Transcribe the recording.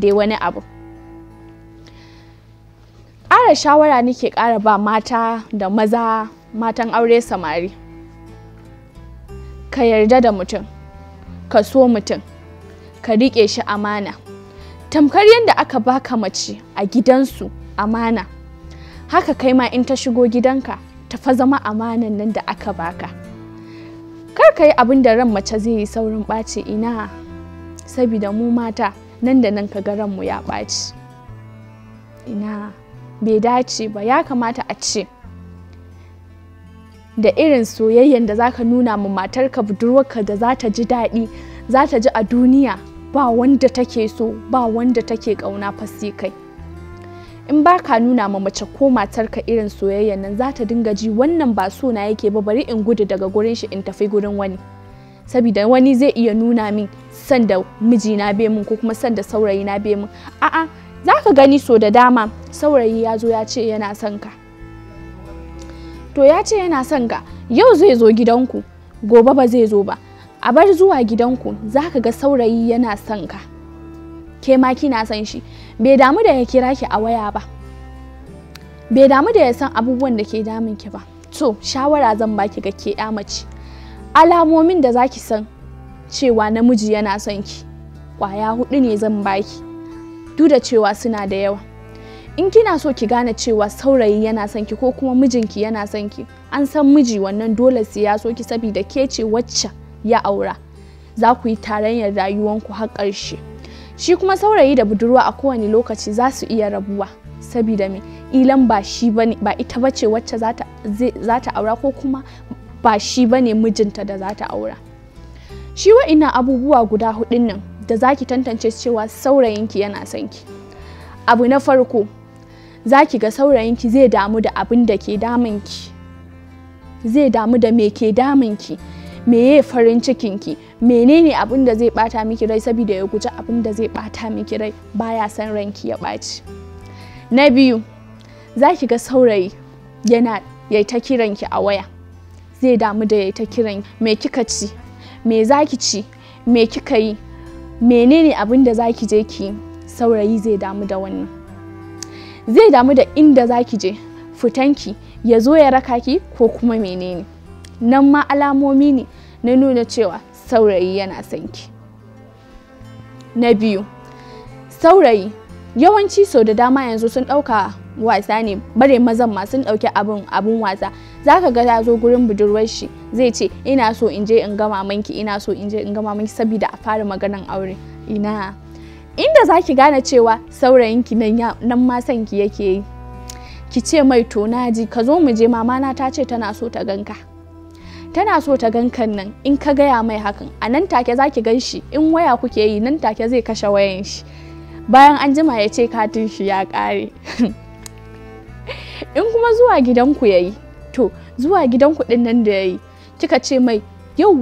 da wani abu ƙara shawara nake ƙara ba mata da maza matan aure samari ka yarda da mutum ka so mutum ka riƙe shi amana tamkar yadda aka baka mace a gidansu amana haka kai ma in ta shigo gidanka ta fa zama amanan nan da aka baka kar ka yi abin da ran mace zai yi saurin ɓaci ina sabida mu mata nan da nan ka ga ranmu ya ɓaci ina bai dace ba ya kamata a ce da irin soyayyen da zaka nuna ma matarka budurwarka da za ta ji daɗi za ta ji a duniya ba wanda take so ba wanda take ƙauna fasi kai in ba ka nuna ma mace ko matarka irin soyayyen nan za ta dinga ji wannan ba so na yake ba bari in gudu daga gurin shi in tafi gurin wani saboda wani zai iya nuna min san da mijina bai mun ko kuma san da saurayi na bai mun a'a za ka gani so da dama saurayi ya zo ya ce yana son ka to ya ce yana son ka yau zai zo gidanku gobe ba zai zo ba a bar zuwa gidanku za ka ga saurayi yana son ka ke ma kina son shi bai damu da ya kira ki a waya ba bai damu da ya san abubuwan da ke damun ki ba to shawara zan baki ga ke mace alamomin da za ki san cewa namiji yana son ki ƙwaya hudu ne zan baki duk da cewa suna da yawa in kina so ki gane cewa saurayi yana son ki ko kuma mijinki yana son ki an san miji wannan dole sai ya so ki saboda ke ce wacce ya aura za ku yi tarayyar rayuwanku har ƙarshe shi kuma saurayi da budurwa a kowane lokaci za su iya rabuwa saboda me ilan ba shi ba ita bace wacce za ta aura ko kuma ba shi ba ne mijinta da za ta aura shi wa ina abubuwa guda hudun nan da za ki tantance cewa saurayinki yana son ki abu na farko za ki ga saurayinki zai damu da abin da ke ki. zai damu da me ke me meye farin cikinki menene abin da zai bata miki rai saboda ya guji abin da zai bata miki rai baya son ranki ya ɓaci na biyu za ki ga saurayi yana yai ta kiranki a waya zai damu da ya ta kiran me kika ci me za ki ci me kika yi menene abin da za ki je ki saurayi zai damu da wannan zai damu da inda ki je fitanki ya zo ya raka ki ko kuma menene nan ma alamomi ne na nuna cewa saurayi yana son ki na biyu saurayi yawanci sau da dama yanzu sun ɗauka wasa ne bare mazan ma sun ɗauki abin abin wasa za ka ga ya zo gurin budurwar shi zai ce ina so in je in ga mamanki ina so in je in ga mamanki saboda a fara maganan aure ina inda za ki gane cewa saurayinki nan ma ki yake yi ki ce mai to ji ka zo mu je mamana ta ce tana so ta ganka tana so ta gankan nan in ka gaya mai hakan a nan take za ki gan shi in waya kuke yi nan take zai kashe wayan shi bayan an jima ya ce katin shi ya kare. in kuma zuwa gidanku ya yi to zuwa gidan kuɗin nan da ya yi kika ce mai yauwa